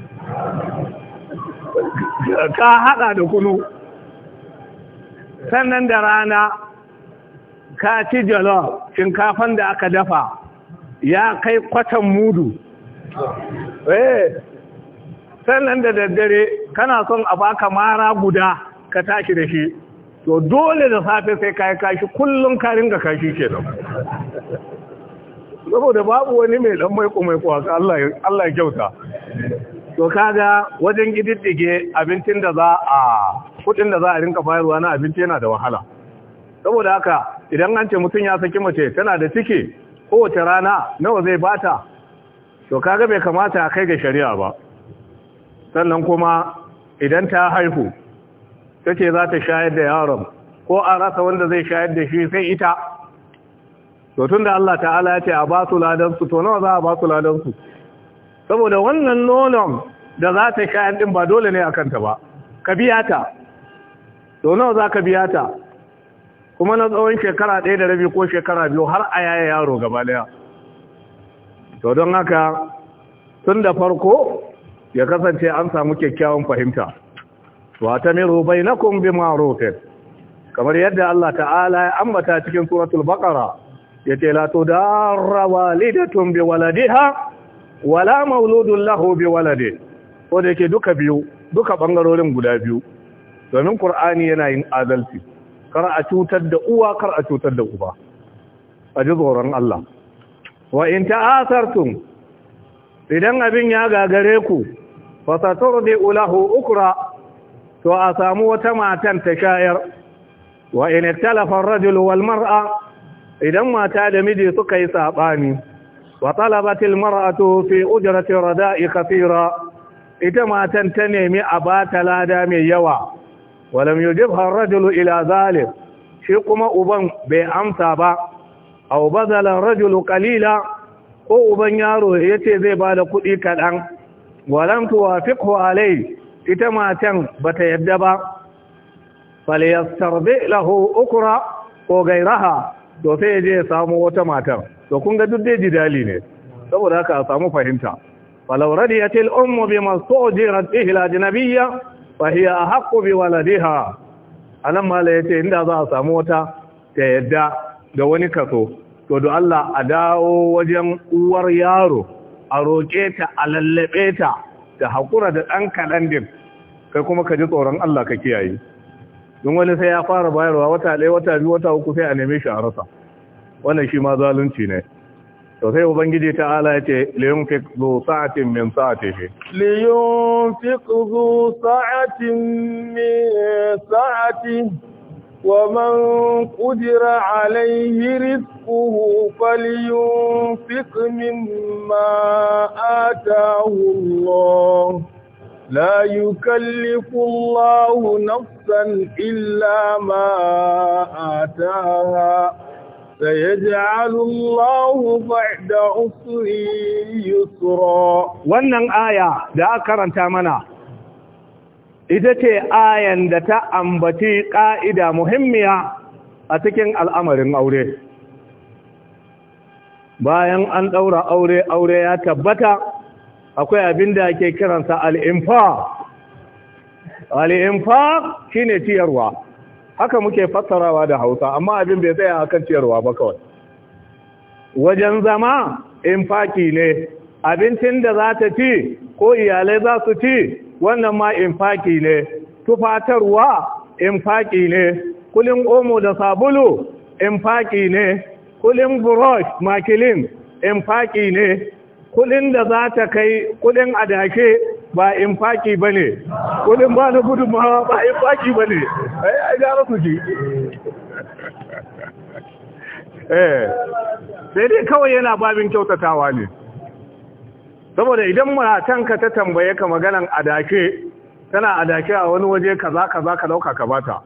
Speaker 1: ka haɗa da kunu sannan da rana ka ci jalof shinkafan da aka dafa ya kai
Speaker 2: kwatan mudu
Speaker 1: eh, sannan da daddare kana son a baka mara guda ka tashi da shi to dole da safe sai ka yi kashi kullum ka ringa kashi ke nan saboda babu wani mai dan mai kuma kuwa Allah ya kyauta to kaga wajen gididdige abincin da za a kudin da za a rinka bayarwa na abinci yana da wahala saboda haka idan an ce mutum ya saki mace tana da ciki kowace rana nawa zai bata to kaga bai kamata a kai ga shari'a ba sannan kuma idan ta haihu ta ce za ta shayar da yaron ko an rasa wanda zai shayar da shi sai ita to tun da Allah ta'ala ya ce a ba su ladansu to nawa za a ba su ladansu saboda wannan nonon da za ta shayar din ba dole ne a kanta ba ka biya ta to nawa za ka biya ta kuma na tsawon shekara ɗaya da rabi ko shekara biyu har a yaya yaro gaba daya to don haka tun da farko ya kasance an samu kyakkyawan fahimta wa na bainakum bima'rufin kamar yadda Allah ta'ala ya ambata cikin suratul baqara lida tun bi walidatun ha? wala mauludun lahu walade. ko da yake duka biyu duka ɓangarorin guda biyu domin ƙur'ani yana yin adalci kar a cutar da uwa kar a cutar da uba a ji tsoron Allah wa in ta'asartum idan abin ya gagare ku fa saturdi ulahu ukra to a samu wata matan ta shayar wa in ikhtalafa ar-rajulu wal mar'a idan mata da miji suka yi sabani wa talabat al-mar'atu fi ujrati rada'i kathira ita matan ta nemi a bata lada mai yawa walam yujibha ar-rajulu ila shi kuma uban bai amsa ba aw badala ar-rajulu qalila ko uban yaro yace zai bada kuɗi kaɗan walam tuwafiqhu alai ita matan bata yadda ba falyastarbi lahu ukra ko gairaha to sai je ya samu wata matar to kun ga duk dai jidali saboda haka a samu fahimta falau radiyatil ummu bima sujirat bihi al-ajnabiyya fa a haƙo bi waladiha anan mala yace inda za a samu wata ta yadda da wani kaso to da Allah a dawo wajen uwar yaro a roƙe ta a lallaɓe ta da haƙura da ɗan kaɗan din kai kuma ka ji tsoron Allah ka kiyaye don wani sai ya fara bayarwa wata ɗaya wata biyu wata uku sai a neme shi a rasa wannan shi ma zalunci ne to sai ubangiji ta'ala yace li yunfiqu sa'atin min sa'atihi
Speaker 2: li yunfiqu sa'atin min sa'atihi wa man qudira alayhi rizquhu falyunfiq mimma ataahu Allah لا يكلف الله نفسا إلا ما آتاها سيجعل الله بعد عسر wannan
Speaker 1: aya da aka karanta mana ita ce ayan da ta ambaci ƙa'ida muhimmiya a cikin al'amarin aure bayan an ɗaura aure aure ya tabbata akwai abin da ake kiransa al-infaq shine ciyarwa haka muke fassarawa da hausa amma abin bai tsaya akan ciyarwa ba kawai wajen zama in faki ne abincin da za ta ci ko iyalai za su ci wannan ma in faki ne tufatarwa in faki ne kulin omo da sabulu in faki ne kulin brush makilin in faki ne kulin da za ta kai kulin adashe ba in faki ba ne kudin ba na gudunmawa ba in faki ba ne ai ai gara su ji
Speaker 3: eh, sai dai kawai
Speaker 1: yana babin kyautatawa ne saboda idan matanka ta tambaye ka maganan adake tana adake a wani waje kaza kaza ka dauka ka bata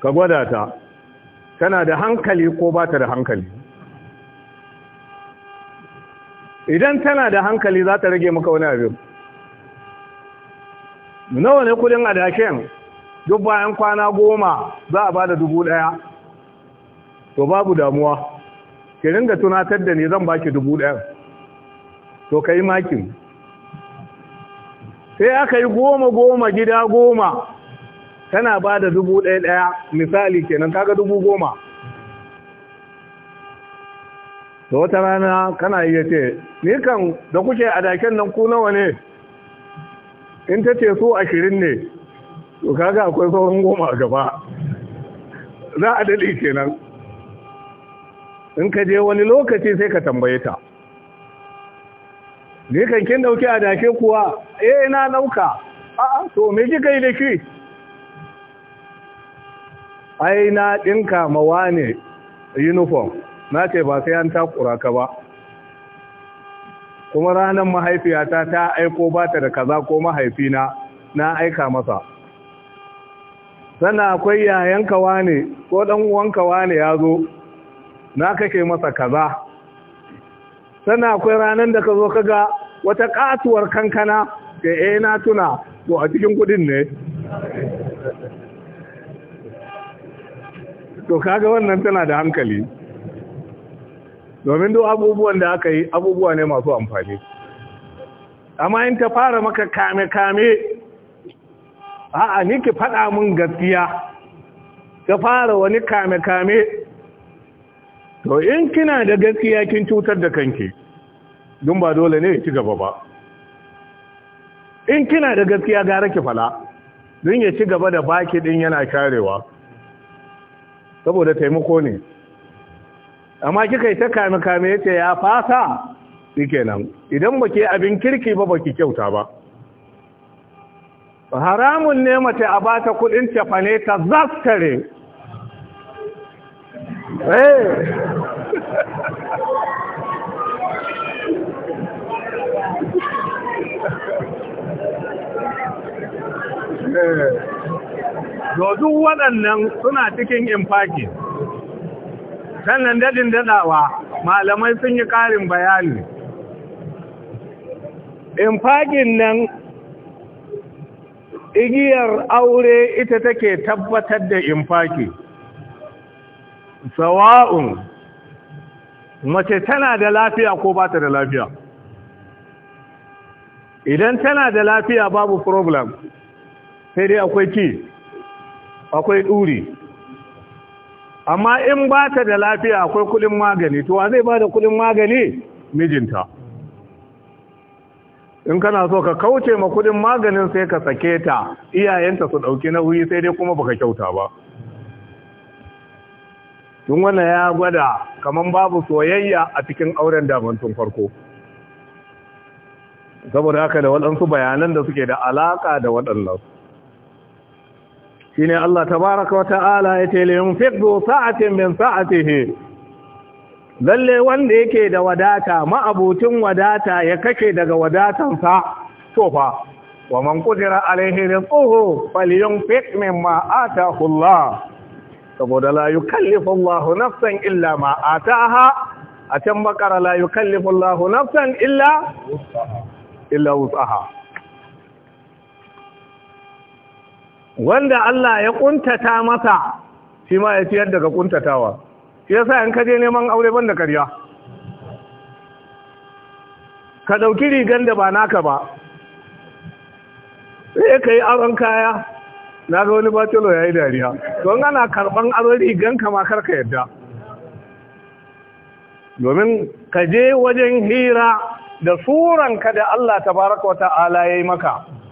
Speaker 1: ka gwada ta tana da hankali ko bata da hankali idan tana da hankali za ta rage maka wani abin nawa ne kudin adashen duk bayan kwana goma za a ba da dubu daya to babu damuwa ki ringa tunatar da ne zan ba ki dubu daya to ka yi makin sai aka yi goma goma gida goma tana ba da dubu ɗaya ɗaya misali kenan kaga dubu goma da wata rana kana iya ce ni kan da kuke a daken nan ku nawa ne in ta ce su ashirin ne to kaga akwai sauran goma gaba za a daɗe kenan in ka je wani lokaci sai ka tambaye ta ni kan kin dauke a dake kuwa eh na dauka a'a to me kika yi da shi ai na dinka mawa ne uniform na ce ba sai an takura ka ba kuma ranar mahaifiyata ta aiko ba ta da kaza ko mahaifina na aika masa sannan akwai yayan kawa ne ko uwan kawa ne ya zo na kake masa kaza sannan akwai ranar da ka zo kaga wata ƙatuwar kankana ke e eh, na tuna to a cikin kudin ne to kaga wannan tana da hankali domin duk abubuwan da aka yi abubuwa ne masu amfani amma in ta fara maka kame-kame a'a ni ki faɗa mun gaskiya ta fara wani kame-kame to in kina da gaskiya kin cutar da kanki dun ba dole ne ya ci gaba ba in kina da gaskiya gara ki fala don ya ci gaba da baki din yana karewa saboda taimako ne amma kika yi ta kame kame yace ya fasa shikenan idan baki abin kirki ba baki kyauta ba haramun ne mace a bata kudin cefane ta zaskare eh.
Speaker 3: eh.
Speaker 2: duk waɗannan suna cikin infaki
Speaker 1: sannan dadin dadawa malamai sun yi karin bayani fagin nan igiyar aure ita take tabbatar da infaki sawa'un mace tana da lafiya ko ba ta da lafiya idan tana da lafiya babu problem sai dai akwai ki akwai duri amma in ba ta da lafiya akwai kudin magani to wa zai ba da kudin magani mijinta in kana so ka kauce ma kudin maganin sai ka sake ta iyayenta su dauki nauyi sai dai kuma baka kyauta ba tun wannan ya gwada kamar babu soyayya a cikin auren damantun farko saboda haka da waɗansu bayanan da suke da alaƙa da waɗannan shine Allah tabaaraka wata'ala ya ce lim fiqdu sa'atin min sa'atihi lalle wanda yake da wadata ma'abutin wadata ya kashe daga wadatansa to fa wa man qudira alayhi rizquhu falyunfiq mimma ataahu Allah saboda la yukallifu Allahu nafsan illa ma ataaha a can la yukallifu Allahu nafsan illa illa wusaha wanda Allah ya kuntata masa shi ma ya ciyar daga kuntatawa shi yasa in ka je neman aure banda karya ka ɗauki rigar da ba naka ba sai ka yi aron kaya na ga wani batulo ya yi dariya don ana karban aron ka kama ka yadda domin ka je wajen hira da suranka da Allah ta baraka wata ala ya yi maka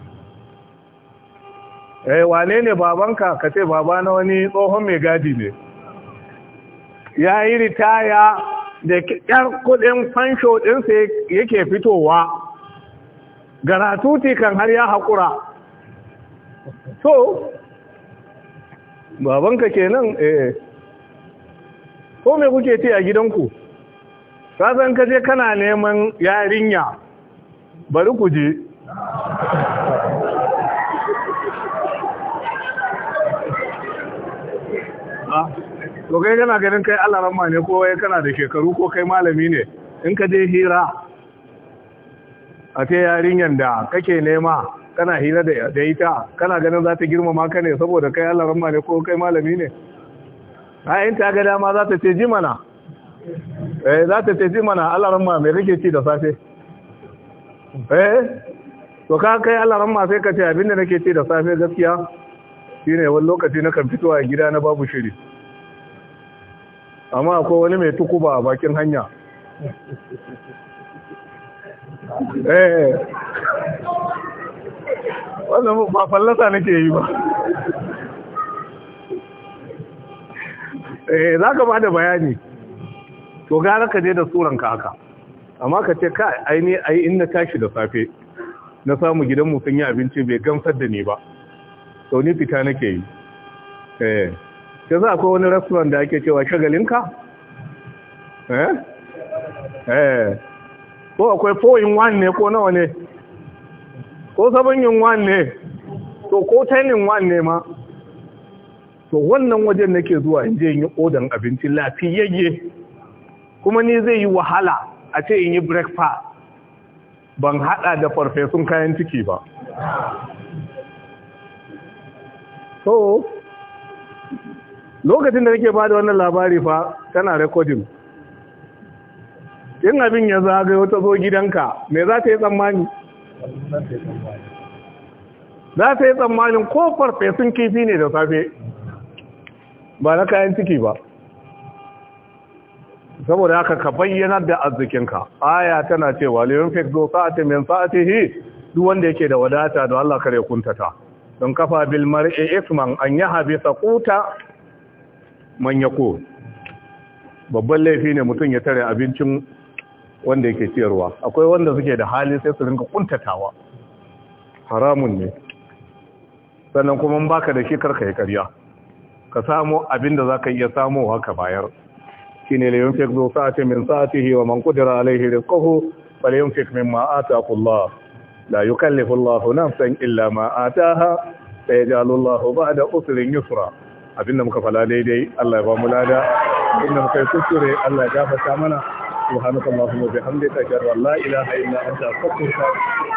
Speaker 1: eh wane ne babanka ka ce baba na wani tsohon mai gadi ne ya yi ritaya da ƙyar kudin fansho ɗinsa yake fitowa garatuti kan har ya haƙura so babanka kenan eh ko me kuke ce a gidanku sazan ka je kana neman yarinya bari ku je to kai kana ganin kai ma ne ko kai kana da shekaru ko kai malami ne in ka je hira a ce yarinyar da kake nema kana hira da ita kana ganin za ta girmama ka ne saboda kai ma ne ko kai malami ne a in ta ga dama za ta ce ji mana eh za ta ce ji mana alarama mai kake ci da safe eh to ka kai alarama sai ka ce abinda nake ci da safe gaskiya shine wani lokaci na kan fito a gida na babu shiri amma akwai wani mai tukuba a bakin hanya
Speaker 3: eh, eh wannan ba fallasa nake yi ba
Speaker 1: eh za ka ba da bayani to gara ka je da tsoronka haka amma ka ce ka aini ai na tashi da safe na samu gidan mu sun yi abinci bai gamsar da ni ba sauni fita nake yi eh ke za akwai wani restaurant da ake cewa shagalinka eh eh ko akwai foyin wani ne ko nawa ne ko sabon yin wani ne to ko tainin wani ne ma to wannan wajen nake zuwa in je in yi odan abinci lafiyayye kuma ni zai yi wahala a ce in yi breakfast ban hada da farfesun kayan ciki ba so lokacin da nake ba da wannan labari fa tana rekodin in abin ya zagayo ta zo gidanka me za ta yi tsammani za ta yi tsammanin ko farfesun kifi ne da safe ba na kayan ciki ba saboda haka ka bayyanar da arzikinka aya tana cewa liyan fit zo sa'ati min hi duk wanda yake da wadata da Allah kare kuntata don kafa bil mar'i isman an yaha bi saquta man yaqut babban laifi ne mutum ya tare abincin wanda yake ciyarwa akwai wanda suke da hali sai su rinka kuntatawa haramun ne sannan kuma in baka da shi karka yi karya ka samo abin da zaka iya samu ka bayar shine la yunfik zu sa'ati min sa'atihi wa man qadara alayhi rizquhu falyunfik mimma ataqullah la yukallifullahu nafsan illa ma ataha sai ya jalallahu ba da usulin yusra abinda muka fala daidai Allah ya ba mu lada inda muka yi kuskure Allah ya gafarta mana subhanaka allahumma wa bihamdika ashhadu an la ilaha illa anta astaghfiruka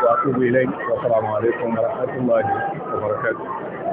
Speaker 1: wa atubu ilayk wa assalamu alaikum wa rahmatullahi wa barakatuh